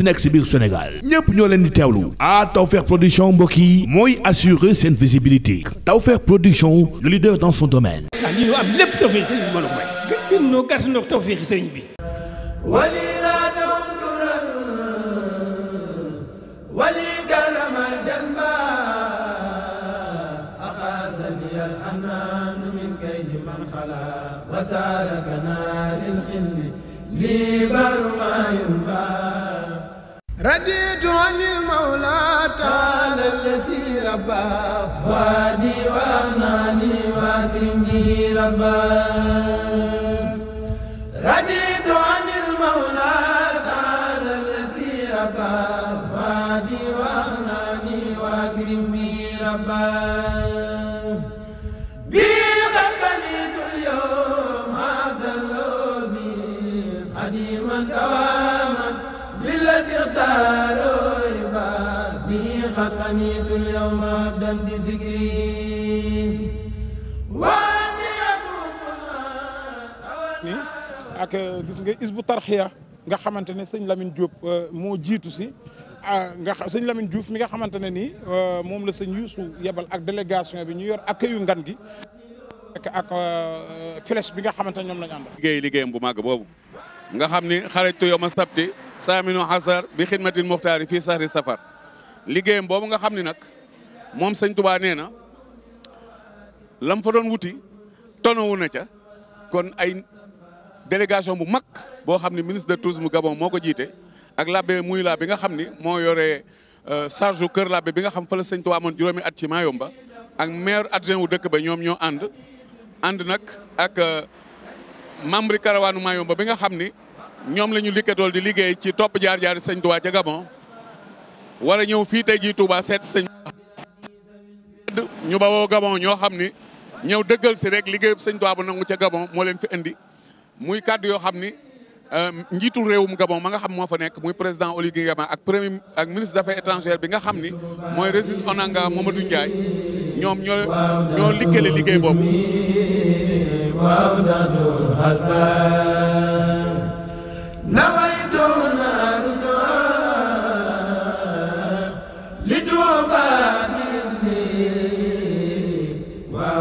mënti nekk si biir Sénégal ñëpp ñoo leen di teewlu ah Tawfekh production mbokk yi mooy assurer seen visibilité Tawfekh production le leader dans son domaine. ah lii ñu am lépp Tawfekh sëriñ bi mën a may. gën noo gàtt noo Tawfekh sëriñ bi. وسالكنا للخل لي برما ينبغي رديت عن المولى تعالى الذي ربى وادي واغناني واكرمني رباه اليوم أبدا بذكري ak gis nga isbu tarxiya nga xamante ne sëñ Lamine Diop euh, moo jiitu si euh, nga sëñ Lamine Diouf mi nga xamante ne nii euh, moom la sëñ Youssou yebal ak delegation bi ñu yor accueil yu ngan gi ak ak bi nga xamante ne ñoom la ñu àndal. liggéey liggéeyam bu màgg boobu nga xam ni xarajtu yawma sabti saaminu xasar bi xidmatin muxtaari fii sahri safar liggéeyam boobu nga xam ni nag moom sëñ Touba nee na lam fa doon wuti tonawu na ca kon ay délégation bu mag boo xam ni ministre de tourisme Gabon moo ko jiite ak labbe muy la bi nga xam ni moo yore euh, charge kër labbe bi nga xam fa la sëñ Touba juróomi at ci Mayomba ak maire adjoint wu dëkk ba ñoom ñoo ànd ànd nag ak euh, membre karawaanu Mayomba bi nga xam ni ñoom la ñu likkatool di liggéey ci topp jaar-jaar sëñ Touba ca Gabon war ñëw fii tey jiitu Touba seet sëñ ñu bawoo Gabon ñoo xam ni ñëw dëggal si rek liggéey liggéeyub sëñ Touba bu nangu ca Gabon moo leen fi indi muy kàddu yoo xam ni euh, njiitul réewum Gabon ma nga xam moo fa nekk muy président Oligui Nguema ak premier ak ministre des affaires étrangères bi nga xam ni mooy Régis Onanga Mamadou Ndiaye ñoom ñoo ñoo likkale liggéey boobu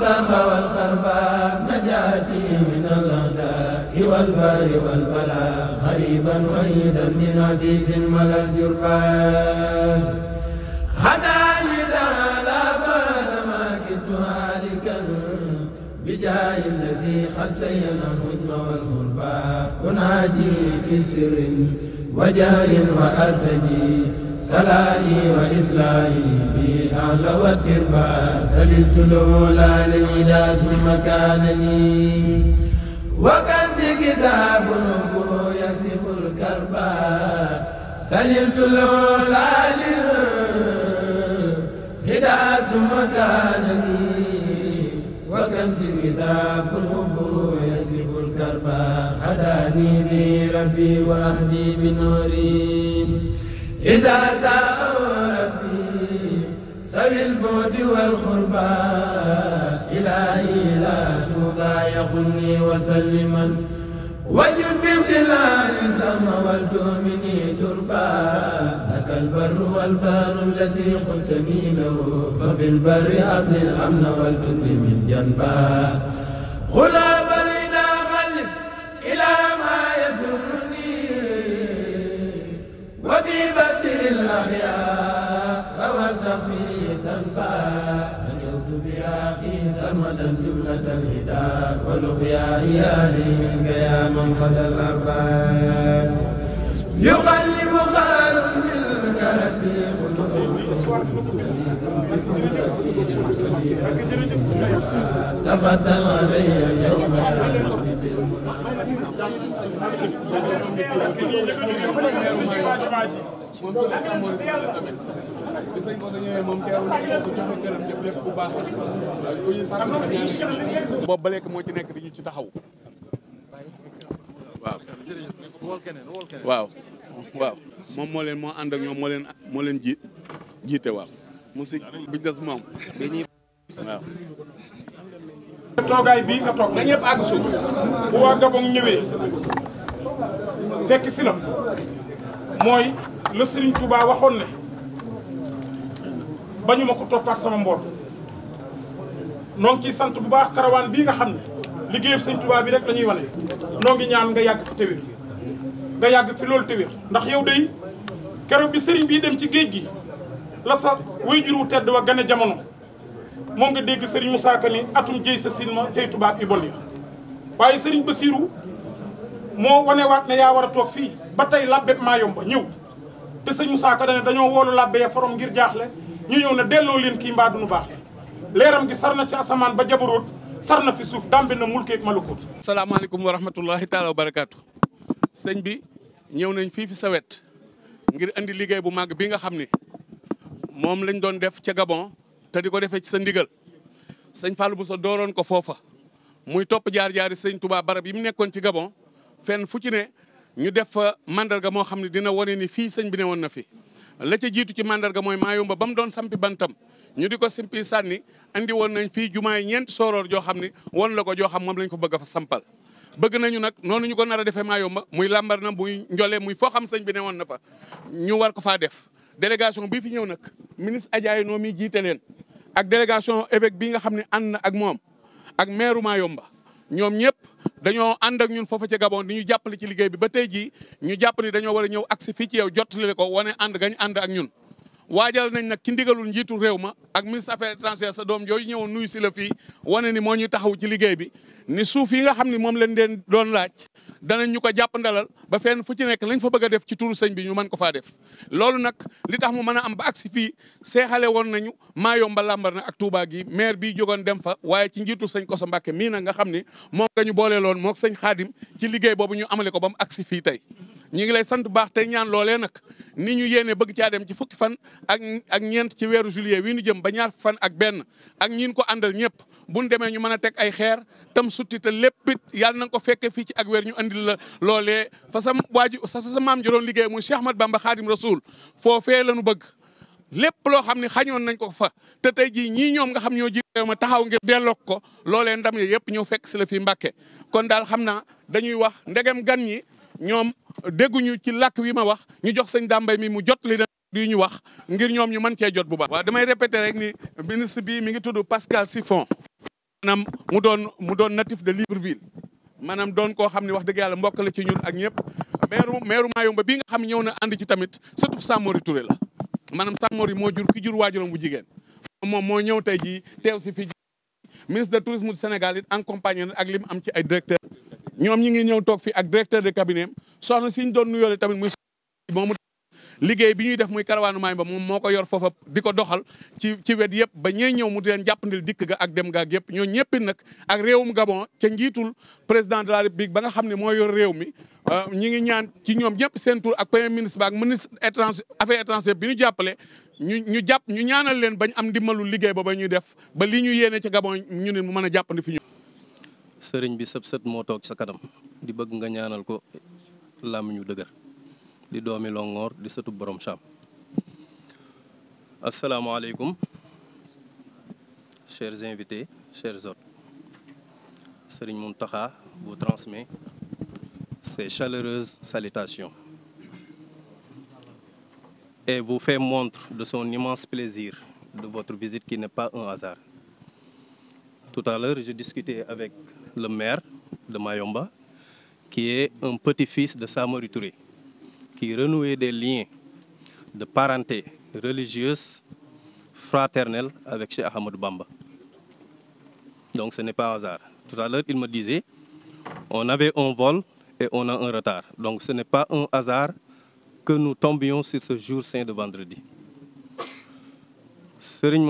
والسرح والخربان نجاتي من الأعداء والبار والبلاء غريبا وحيدا من عزيز ملا الجربان هداني تعالى بعد ما كدت هالكا بجاه الذي خسينا الهجم والغرباء أنادي في سر وجهل وأرتجي سلائي وإسلائي الأهل والتربة سلمت الأولى للعدا ثم كانني وكنز كتاب النبو يكسف الكربة سلمت الأولى للعدا ثم كانني وكنز كتاب النبو يكسف الكربة هداني بي ربي وأهدي بنوري إذا سأرى ذوي البعد والقربى إلهي لا تضع يقلني وسلما وجد بامتلال سما ولتؤمني تربى لك البر والبار الذي قلتني له ففي البر أبل الأمن ولتكرمي جنبا غلام إلى غلب إلى ما يسرني وببصر الأخيار أبدا جملة الهدى والخيار يالي منك يا من قد العباس يقلب خال منك ربي تفتن علي اليوم Thank you. moom soo ko sàmmoon la tamit bi ba léegi moo ci nekk di ñu ci taxaw waaw moom moo leen moo ànd ak ñoom moo leen moo leen ji jiite waaw musique bi des waaw nga toog na ñëpp àgg suuf ñëwee fekk si la mooy la Serigne Touba waxoon ne bañu ma ko toppaat sama mboor noo ngi sant bu baax karawaan bii nga xam ne liggéeyub sëñ Touba bi rek lañuy wale wane ngi ñaan nga yàgg fi téwér nga yàgg fi loolu téwér ndax yow day keroog bi sëriñ bii dem ci géej gi la sa waajur wu tedd wa gane jamono moom nga dégg Serigne Moussa ni atum jëy sa sin ma cay tubaab i ya waaye Serigne Bassirou moo wanewaat ne yaa war a toog fii ba tey làbbet maa yomba ñëw te sëñ Moussa Ka dañoo woolu làbbe ya forom ngir jaaxle ñu ñëw ne delloo leen kii mbaa baax baaxee leeram gi sar na ci asamaan ba jabaroot sar na fi suuf dambe na mulkeeg malakoot salaamaaleykum wa rahmatullahi taala wa barakaatu sëñ bi ñëw nañ fii fi sawet ngir indi liggéey bu màgg bi nga xam ni moom lañ doon def ca Gabon te di ko defee ci sa ndigal sëñ Fallou Bousso dooroon ko foofa muy topp jaar jaari sëñ Touba barab yi mu nekkoon ci Gabon fenn fu ci ne ñu def fa mandarga moo xam ne dina wane ni fii sëñ bi ne woon na fi la ca jiitu ci mandarga mooy maayumba ba mu doon sampi bantam ñu di ko simpi sànni indi woon nañ fii jumaay ñeent sooroor joo xam ne woon la ko joo moom lañ ko bëgg fa sampal bëgg nañu nag noonu ñu ko nar a defee maayumba muy làmbar na muy njole muy foo xam sëñ bi ne woon na fa ñu war ko faa def délégation bii fi ñëw nag ministre Adjaye noo mi jiite leen ak délégation évêque bii nga xam ne ànd na ak moom ak maire Mayumba ñoom ñëpp dañoo ànd ak ñun foofu ca Gabon di ñu jàppale ci liggéey bi ba jii ñu jàpp ni dañoo war a ñëw agsi fii ci yow jottali ko wane ànd gañ ànd ak ñun waajal nañ nag ci ndigalul njiitu réew ma ak ministre affaires étrangères sa doom yooyu ñëwoon nuyu si la fii wane ni moo ñu taxaw ci liggéey bi ni suuf yi nga xam ne moom lañ leen doon laaj danañ ñu ko jàpp ndalal ba fenn fu ci nekk lañ fa bëgg a def ci turu sëñ bi ñu mën ko faa def loolu nag li tax mu mën a am ba agsi fii seexale woon nañu maa yomba lambar na ak Touba gi maire bi jógoon dem fa waaye ci njiitu sëñ Koso Mbàkke mii na nga xam ne moom la ñu boolee loon mook Xaadim ci liggéey boobu ñu amale ko ba mu agsi fii tey ñu ngi lay sant baax tey ñaan loolee nag ni ñu yéene bëgg caa dem ci fukki fan ak ñeent ci weeru juillet wi ñu jëm ba ñaar fan ak benn ak ñin ko àndal ñëpp buñ demee ñu mën a teg ay xeer tam sutti te lépp it yàlla ko fekkee fii ci ak weer ñu andil la loolee fa sam waaji sa sa maam ji liggéey muy Cheikh Ahmad Bamba Khadim Rasoul foofee la ñu bëgg lépp loo xam ne xañoon nañ ko fa te tey jii ñii ñoom nga xam ñoo ji ma taxaw ngir delloo ko loolee ndam ye yëpp ñoo fekk si la fii Mbàkke kon daal xam naa dañuy wax ndegem gan ñi ñoom dégguñu ci làkk wi ma wax ñu jox sëñ dàmbay mi mu jot li di ñu wax ngir ñoom ñu mën cee jot bu baax. waaw damay répéter rek ni ministre bi mi ngi tudd Pascal Siffon. maanaam mu doon mu doon natif de Libreville maanaam doon koo xam ne wax dëgg yàlla mbokk la ci ñun ak ñëpp maire maire Mayumba bii nga xam ñëw na ànd ci tamit surtout Samori Touré la maanaam Samori moo jur ki jur waajuram bu jigéen moom moo ñëw tey jii teew si fii ministre de tourisme du Sénégal it accompagné na ak lim am ci ay directeur ñoom ñi ngi ñëw toog fi ak directeur de cabinet am soxna si ñu doon nuyoole tamit muy moomu liggéey bi ñuy def muy karawaanu ba moom moo ko yor foofa di ko doxal ci ci wet yëpp ba ñee ñëw mu di leen jàppandil dikk ga ak dem ga ak yëpp ñoo ñëppit nag ak réewum Gabon ca njiitul président de la république ba nga xam ne moo yor réew mi euh, ñi ngi ñaan ci ñoom ñëpp seen ak premier ministre ba ak ministre étranger affaires étrangères bi ñu jàppale ñu ñu jàpp ñu ñaanal leen bañ am ndimbalu liggéey ba ba ñuy def ba li ñu yéene ca Gabon ñu ne mu mën a jàppandi fi ñu sëriñ bi sëb sët moo toog sa kanam di bëgg nga ñaanal ko ñu dëgër di doomi Longoor di sëtu boroom Saam asalaamaaleykum chers invités chers hôtes sëriñ taxa vous transmet ses chaleureuses salitation et vous fait montre de son immense plaisir de votre visite qui n'est pas un hasard tout je discutais avec le maire de Mayomba, qui est un petit-fils de Samori Touré, qui renouait des liens de parenté religieuse fraternel avec Cheikh Ahmed Bamba. Donc ce n'est pas un hasard. Tout à l'heure, il me disait, on avait un vol et on a un retard. Donc ce n'est pas un hasard que nous tombions sur ce jour saint de vendredi. Serigne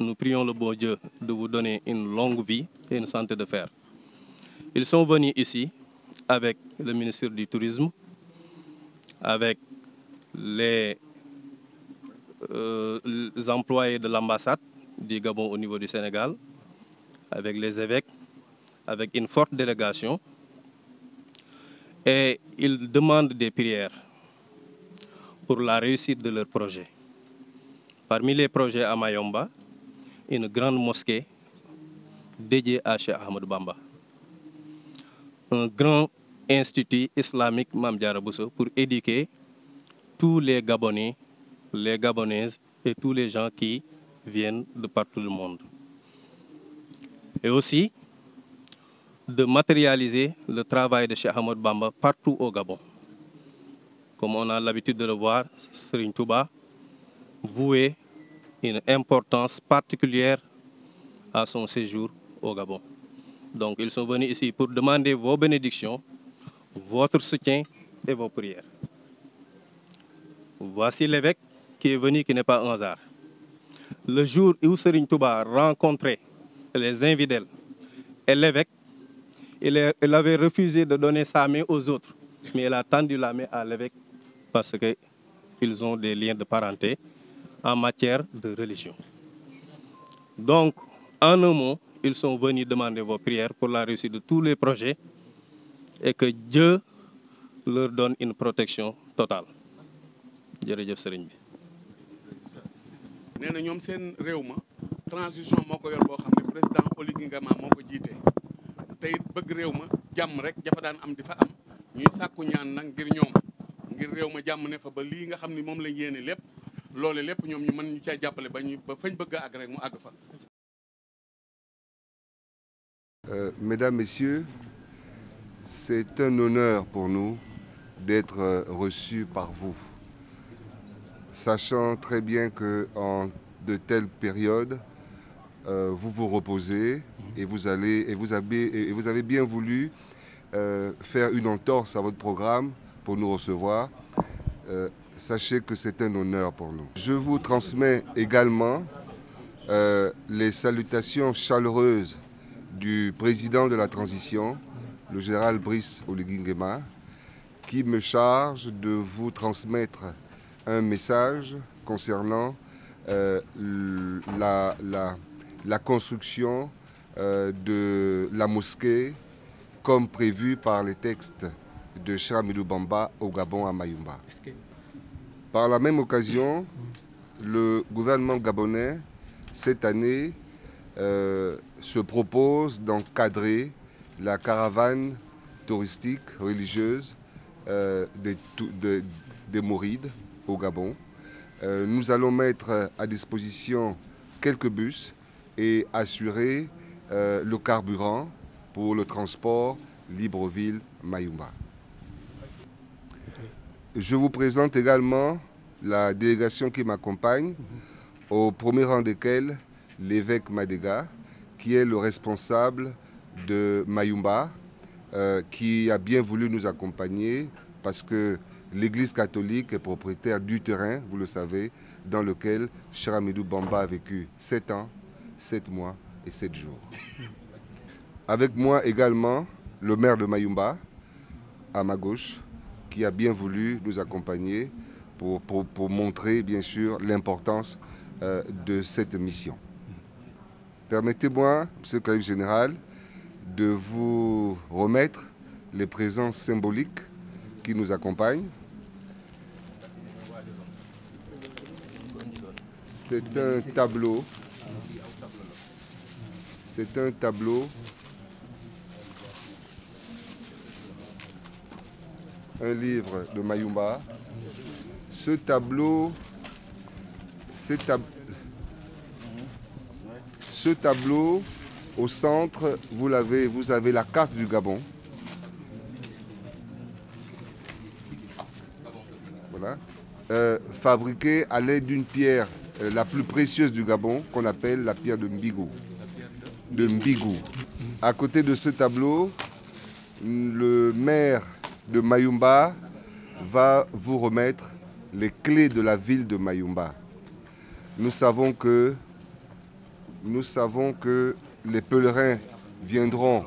Nous prions le bon Dieu de vous donner une longue vie et une santé de faire Ils sont venus ici avec le ministre du Tourisme, avec les, euh, les employés de l'ambassade du Gabon au niveau du Sénégal, avec les évêques, avec une forte délégation. Et ils demandent des prières pour la réussite de leur projet. Parmi les projets à Mayomba, une grande mosquée dédiée à Cheikh Ahmadou Bamba. Un grand institut islamique Mame Diarra Bousso pour éduquer tous les Gabonais, les Gabonaises et tous les gens qui viennent de partout le monde. Et aussi de matérialiser le travail de Cheikh Ahmadou Bamba partout au Gabon. Comme on a l'habitude de le voir, Serigne Touba voué une importance particulière à son séjour au Gabon. Donc ils sont venus ici pour demander vos bénédictions, votre soutien et vos prières. Voici l'évêque qui est venu, qui n'est pas un hasard. Le jour où Serigne Touba rencontrait les infidèles et l'évêque, il, il avait refusé de donner sa main aux autres, mais il a tendu la main à l'évêque parce qu'ils ont des liens de parenté. en matière de religion. Donc, en un mot, ils sont venus demander vos prières pour la réussite de tous les projets et que Dieu leur donne une protection totale. jërëjëf sëriñ bi. nee na ñoom seen réew ma transition moo ko yor boo xam ne président Oly Nguema moo ko jiite te it bëgg réew ma jàmm rek jafa daan am di fa am ñuy sàkku ñaan nag ngir ñoom ngir réew ma jàmm ne fa ba lii nga xam ni moom lañ yéene lépp. loole lépp ñoom mën ñu caa jàppale ba ñu ba fañ bëgg a àgg rek mu àgg fa. Euh, mesdames, Messieurs, c'est un honneur pour nous d'être euh, reçus par vous, sachant très bien que en de telles périodes, euh, vous vous reposez et vous allez et vous avez et vous avez bien voulu euh, faire une entorse à votre programme pour nous recevoir. Euh, sachez que c'est un honneur pour nous. Je vous transmets également euh, les salutations chaleureuses du président de la transition, le général Brice Oligingema, qui me charge de vous transmettre un message concernant euh, la, la, la, construction euh, de la mosquée comme prévu par les textes de Charamidou Bamba au Gabon à Mayumba. Par la même occasion, le gouvernement gabonais, cette année, euh, se propose d'encadrer la caravane touristique religieuse euh, des, de, des Mourides au Gabon. Euh, nous allons mettre à disposition quelques bus et assurer euh, le carburant pour le transport Libreville-Mayumba. Je vous présente également la délégation qui m'accompagne, au premier rang desquels l'évêque Madega, qui est le responsable de Mayumba, euh, qui a bien voulu nous accompagner parce que l'Église catholique est propriétaire du terrain, vous le savez, dans lequel Sharamidou Bamba a vécu 7 ans, 7 mois et 7 jours. Avec moi également le maire de Mayumba, à ma gauche, qui a bien voulu nous accompagner pour, pour, pour montrer bien sûr l'importance euh, de cette mission. Permettez-moi, Monsieur le Calife de vous remettre les présences symboliques qui nous accompagnent. C'est un tableau. C'est un tableau. Un livre de Mayumba ce tableau, ce, tab... ce tableau au centre, vous avez la carte du Gabon. Voilà. Euh, à l'aide d'une pierre euh, la plus précieuse du Gabon, qu'on appelle la pierre de Mbigou. À côté de ce tableau, le maire de Mayumba va vous remettre les clés de la ville de Mayumba. Nous savons que, nous savons que les pèlerins viendront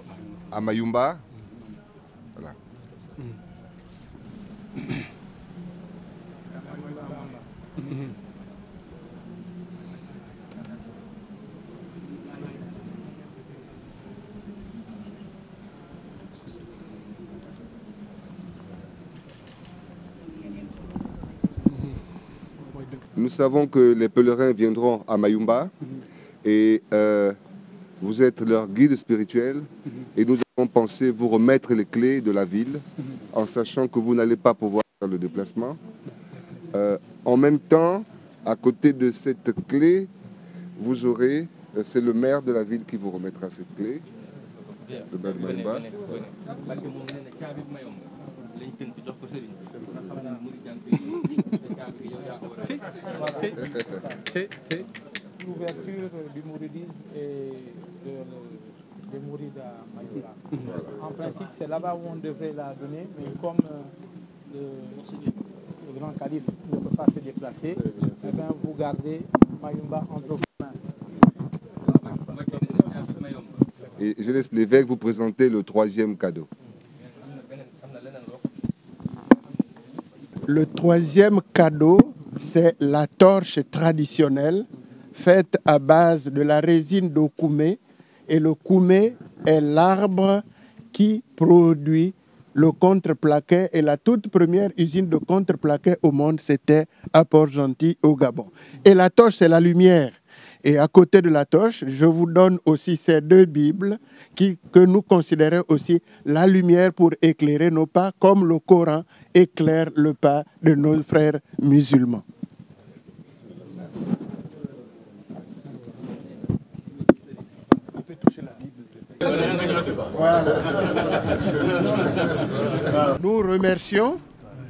à Mayumba. Mm. Nous savons que les pèlerins viendront à Mayumba et euh, vous êtes leur guide spirituel et nous avons pensé vous remettre les clés de la ville en sachant que vous n'allez pas pouvoir le déplacement. Euh, en même temps, à côté de cette clé, vous aurez, euh, c'est le maire de la ville qui vous remettra cette clé, de Mayumba. L'ouverture du mouridisme et de, des mourides En principe, c'est là-bas où on devrait la donner, mais comme euh, le, le, grand calife ne peut pas se déplacer, eh vous gardez Mayumba entre vos mains. Et je laisse l'évêque vous présenter le troisième cadeau. Le troisième cadeau, c'est la torche traditionnelle faite à base de la résine d'okoumé. Et le koumé est l'arbre qui produit le contre contreplaqué. Et la toute première usine de contreplaqué au monde, c'était à Port-Gentil, au Gabon. Et la torche, est la lumière. Et à côté de la toche, je vous donne aussi ces deux Bibles que nous considérons aussi la lumière pour éclairer nos pas, comme le Coran éclaire le pas de nos frères musulmans. Nous remercions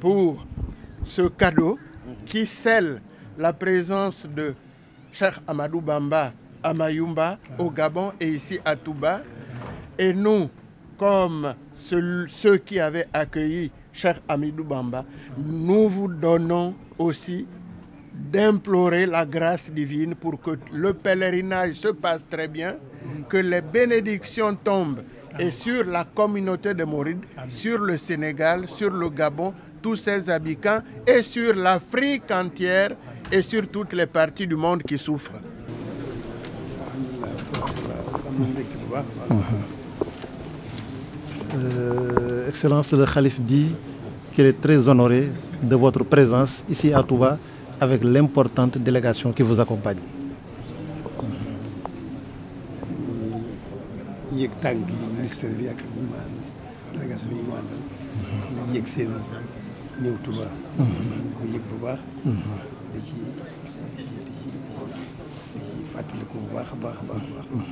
pour ce cadeau qui scelle la présence de Cheikh Amadou Bamba à Mayumba, au ah. Gabon et ici à Touba. Et nous, comme ceux qui avaient accueilli Cheikh Amidou Bamba, nous vous donnons aussi d'implorer la grâce divine pour que le pèlerinage se passe très bien, mm-hmm. que les bénédictions tombent et ah. sur la communauté de Mouride, ah. sur le Sénégal, sur le Gabon, tous ses habitants et sur l'Afrique entière et sur les parties du monde qui souffrent. Euh, Excellence, le Khalif dit qu'il est très honoré de votre présence ici à Touba avec l'importante délégation qui vous accompagne. délégation yi ma di ko baax. di ci di ci di ci fàttaliku bu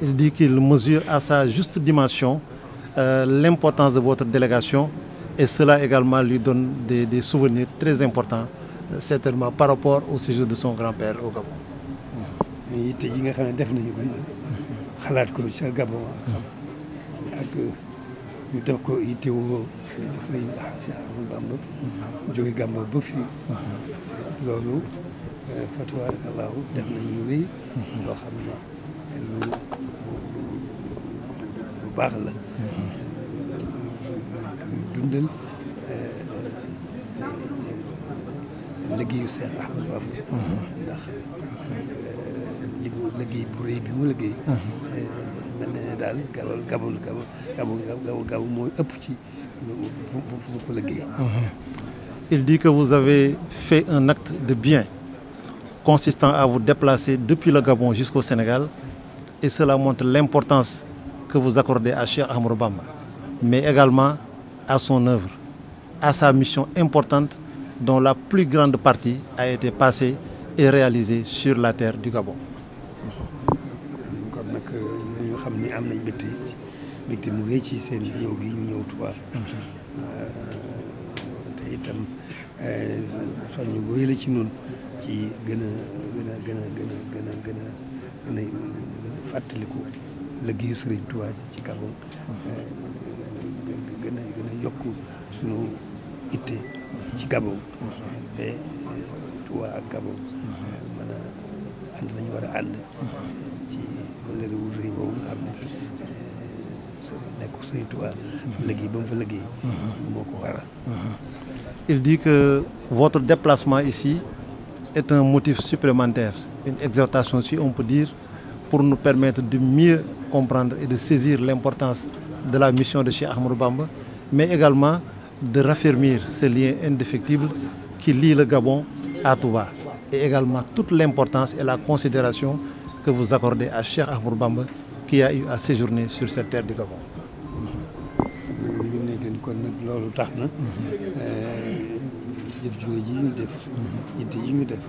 il dit qu'il mesure à sa juste dimension euh, l'importance de votre délégation et cela également lui donne des, des souvenirs très importants euh, certainement par rapport au séjour de son grand-père au Gabon. yitte yi nga xam ne def nañu ko xalaat ko ca Gabon ñu def ko itteewoo Sëriñ Cheikh Ahmadou Bamba mhm. jóge Gàmba ba fii mhm. loolu euh, fa tabaarakallaahu def nañ lu mhm. loo xam ne lu baax la dundal euh, euh, liggéeyu Seex Ahmadou Bamba ndax liggéey bi mu liggéey mel na ëpp ci pour pour liggéey. Mhm. il dit que vous avez fait un acte de bien consistant à vous déplacer depuis le Gabon jusqu'au Sénégal et cela montre l'importance que vous accordez à Cheikh Ahmadou Bamba mais également à son œuvre à sa mission importante dont la plus grande partie a été passée et réalisée sur la terre du Gabon. am nañ mbégte mbégte mu ci seen ñëw gi ñu ñëw Touba mhm. te itam eh, soññ bu la ci noonu ci gën a gën gën gën gën a gën a gën fàttaliku liggéeyu Sëriñ Touba ci kawam eh, gën a gën a yokk sunu itte ci Gabon mhm. ba ak Gabon mhm. eh, mën a ànd war a ànd Eh, mm-hmm. mm-hmm. il dit que votre déplacement ici est un motif supplémentaire une exhortation si on peut dire pour nous permettre de mieux comprendre et de saisir l'importance de la mission de Cheikh Ahmadou Bamba mais également de raffermir ce lien indéfectible qui lie le Gabon à Touba et également toute l'importance et la considération que vous accordez à Cheikh Ahmadou Bamba qui a eu à séjourner sur cette terre du Gabon. kon nag loolu tax na jëf jóge ji ñu def yitte yi ñu def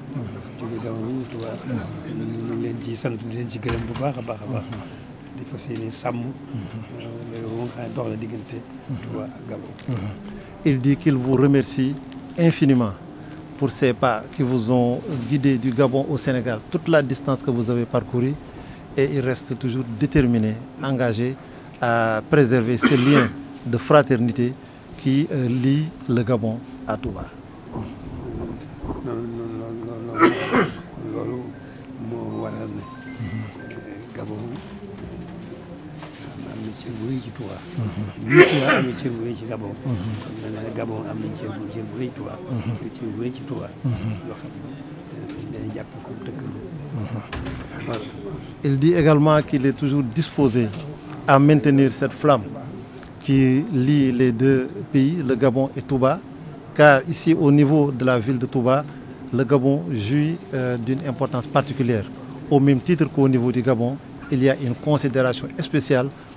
jóge gama bu ñu tubaab ñu ngi leen ci sant di leen ci gërëm bu baax a baax a baax di fas yéene sàmm léegi moom xam ne dox la diggante tubaab ak gabon il dit qu'il vous remercie infiniment pour ces pas qui vous ont guidé du Gabon au Sénégal, toute la distance que vous avez parcourue. Et il reste toujours déterminé, engagé à préserver ce lien de fraternité qui euh, lie le Gabon à Touba. loolu na cër bu rëy il dit également qu'il est toujours disposé à maintenir cette flamme qui lie les deux pays le Gabon et Touba car ici au niveau de la ville de Touba le Gabon jouit euh, d'une importance particulière au même titre qu'au niveau du Gabon il y a une considération spéciale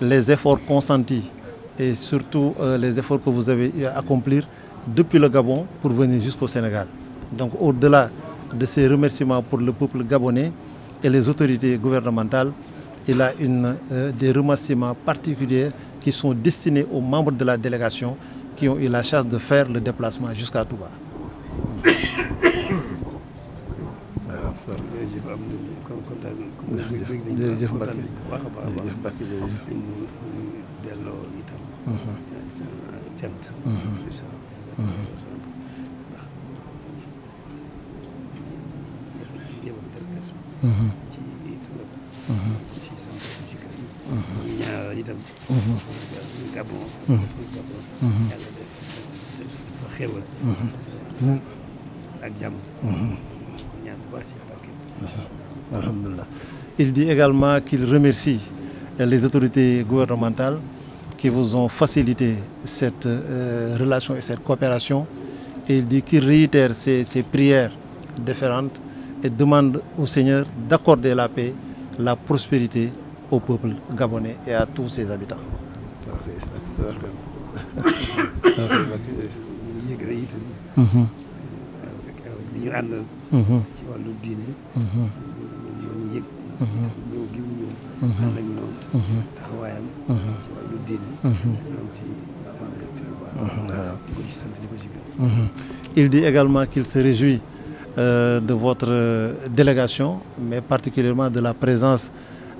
les efforts consentis et surtout euh, les efforts que vous avez à accomplir depuis le Gabon pour venir jusqu'au Sénégal. Donc au-delà de ces remerciements pour le peuple gabonais et les autorités gouvernementales, il a une, euh, des remerciements particuliers qui sont destinés aux membres de la délégation qui ont eu la chance de faire le déplacement jusqu'à Touba. jërëjëf Mbacke jërëjëf Mbacke jërëjëf. delloo itam. cant. ak jàmm. Il dit également qu'il remercie euh, les autorités gouvernementales qui vous ont facilité cette euh, relation et cette coopération. Et il dit qu'il réitère ses, ses prières différentes et demande au Seigneur d'accorder la paix, la prospérité au peuple gabonais et à tous ses habitants. wàllu mhm. mhm. diine mhm. ñëw gi mu ñëw ànd il dit également qu'il se réjouit euh, de votre euh, délégation mais particulièrement de la présence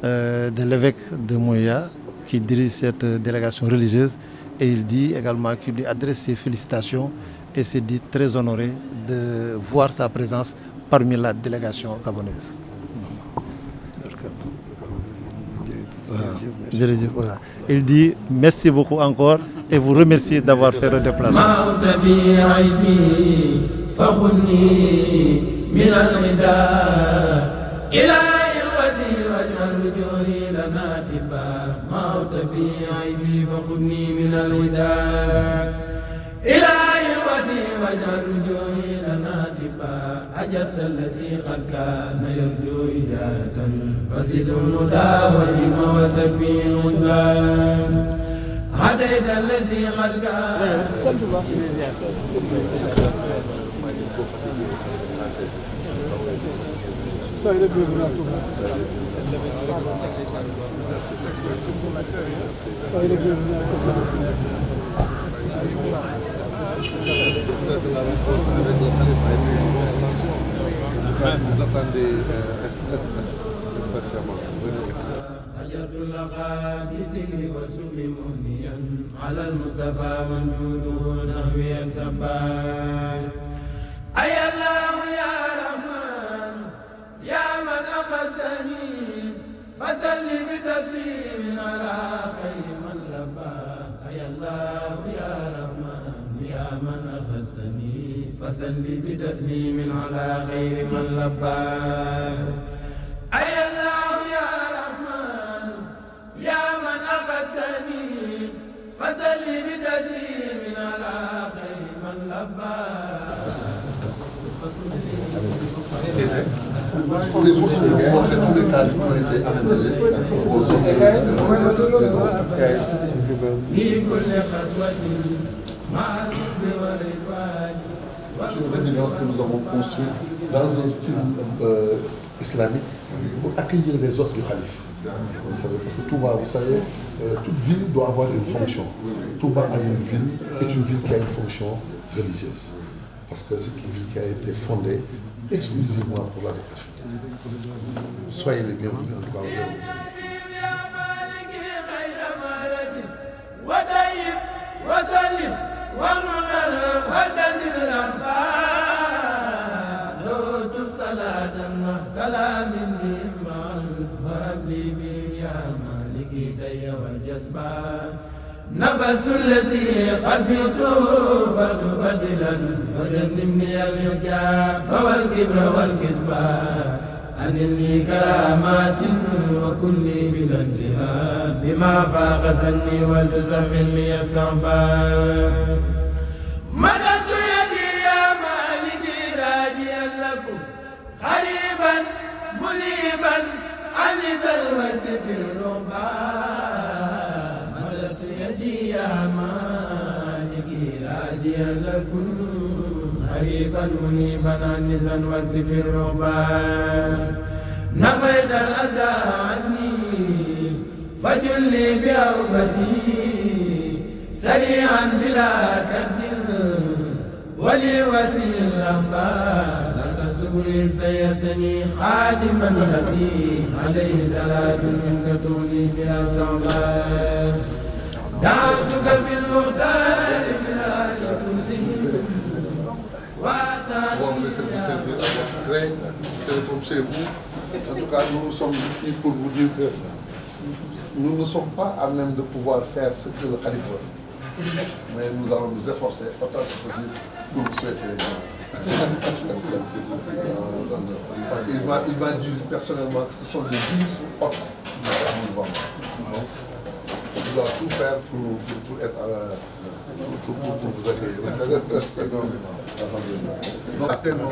euh, de l'évêque de Moya qui dirige cette euh, délégation religieuse et il dit également qu'il lui adresse ses félicitations et se dit très honoré de voir sa présence parmi la délégation gabonaise jërëjëf voilà il dit merci beaucoup encore et vous remercie d'avoir fait le déplacement من الهدى الجنة الذي قد كان يرجو إجابة رسل المدى والهمة والتكفي الغدوان هديت الذي قد كان J'espère que la réussite avec le Khalif a été une consolation. vous attendez patiemment. حجة الغادس وسم مهنيا على المصطفى من نوره نهويا سبان أي الله يا رحمن يا من أخذني فسل بتسليم على خير من لبى أي الله يا رحمن يا من أخذني فسل بتسليم على خير من لباك أي الله يا رحمن يا من أخذني فسل بتسليم على خير من لباك C'est juste pour vous montrer tout l'état qui a été aménagé aux autres de l'organisation. C'est une résidence que dans un style euh, islamique pour accueillir les autres du Khalif. Vous savez, parce que Touba, vous savez, euh, toute ville doit avoir une fonction. Touba a une ville, est une ville qui a une fonction religieuse. Parce que c'est une ville qui a été fondée exclusivement pour la déclaration. Soyez les bienvenus en tout cas. نبس الذي قلبته فلتبدلا وجنبني الحجاب والكبر والكسبان أنلني كرامات وكلي بلا انتهاء بما فاق سني ولتسخن لي الصعبان مددت يدي يا مالكي راجيا لكم خريبا منيبا عن سلوى سفر الرباط يلا كن قريبا منيبا عنزا واكسف الرهبان نفيت الأذى عني فجل لي بأوبتي سريعا بلا كد ولي وسيل الأخبار لك سوري سيتني خادما نبي عليه صلاة منك تولي بها صعبا دعوتك بالمختار regret, c'est comme chez vous. En tout cas, nous sommes ici pour vous dire que nous ne sommes pas à même de pouvoir faire ce que le Khalif veut. Mais nous allons nous efforcer autant pour vous souhaiter les gens. Parce qu'il m'a, il personnellement que ce sont les 10 ou autres Donc, nous allons tout faire pour, être euh, pour, pour, pour vous accueillir.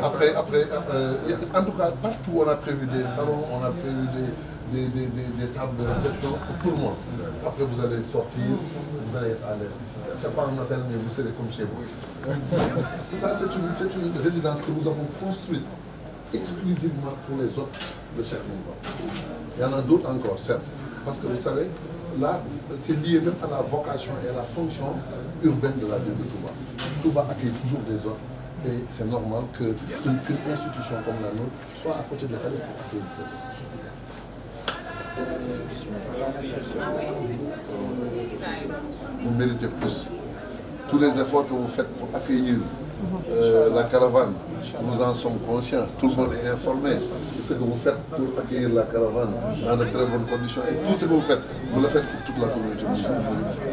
après, après, euh, en tout cas, partout on a prévu des salons, on a prévu des, tables de pour tout le monde. Après, vous allez sortir, vous allez à l'aise. C'est pas un hôtel, mais vous serez comme chez vous. c'est une, résidence que nous avons construite exclusivement pour les hôtes de chaque monde. Il y en a d'autres encore, certes. Parce que vous savez, là, c'est lié même à la vocation et à la fonction urbaine de la ville de Touba. Touba accueille toujours des hommes et c'est normal qu'une qu institution comme la nôtre soit à côté de la ville les efforts euh, la caravane, Nous en sommes conscients. Tout le monde est informé ce que vous faites pour accueillir la caravane dans de très bonnes conditions. Et tout ce que vous faites, vous le faites pour toute la communauté musulmane,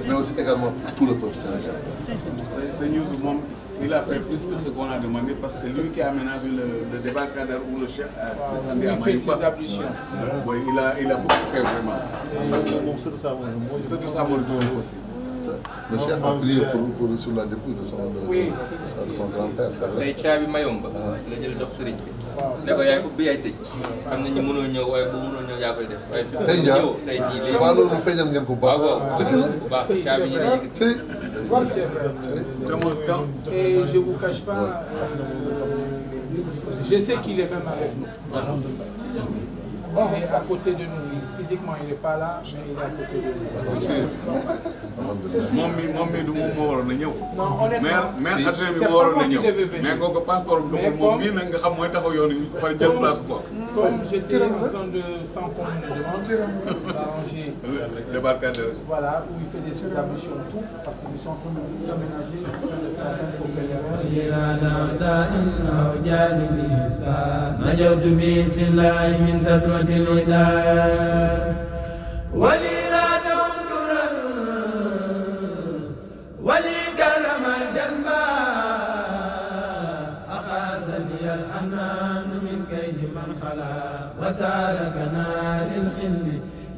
mais aussi également tout le peuple sénégalais. Ce news moom, il a fait plus que ce qu'on a demandé parce que c'est lui qui a aménagé le, le débarcadère où le chef a descendu à Maïfa. Oui, il a, il a beaucoup fait vraiment. C'est tout ça, moi, aussi. Le chef a prié pour pour sur la dépouille de son de son grand-père. tey caabi mayoom ba. Ah. la jël dox sëriñ bi. ne ko yaay ubbi yaay tëj. am na ñu mënoo ñëw waaye bu mënoo ñëw yaa koy def. waaye fi mu ñëw tey jii léegi waaw loolu feeñal ngeen ko bu baax. Ah, dëgg la bu baax caabi ñu lay yëkkati. Et je vous cache pas, euh, je sais qu'il est même avec nous. Mais à côté de nous. physiquement il est pas là mais il moom mi moom mi du moom moo waroon na ñëw. non honnêtement maire maire adjoint waroon na ñëw mais kooku passeport bi du moom mii nag nga xam mooy taxaw yoon yi far jël place bu comme je t'ai entendu sans qu'on me demande, d'arranger le, le barcadeur. Voilà, où il faisait ses ambitions, tout, parce que je suis en train de l'aménager, je suis en train de faire un problème. مجوت بإذن الله من سطوة الهداية لكنا للخل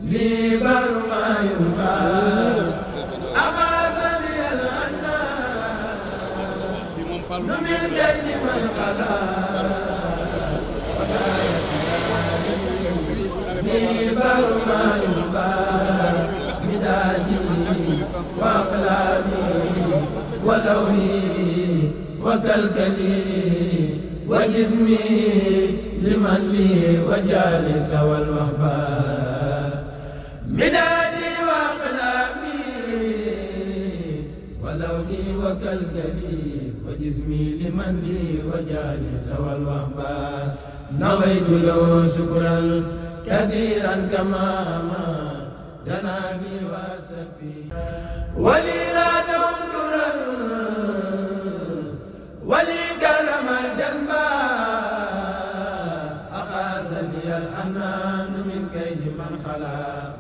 لي بر ما يرقى أغاثني الأناس نمن جيد من قضى لي بر ما يرقى مدادي وأقلامي ولوني وكلكلي وجسمي لمن لي وجالس والوهبان منادي وأقلامي ولوحي وكالكلي وجسمي لمن لي وجالس والوهبان نويت له شكرا كثيرا كما ما دنا بي وسفي ولي رادهم درا ولي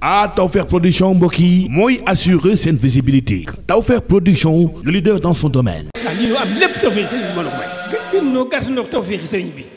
a ah Tawfekh production mbokk yi mooy assurer seen visibilité Tawfekh production le leader dans son domaine. Ah, am lépp Tawfekh sëriñ bi bi.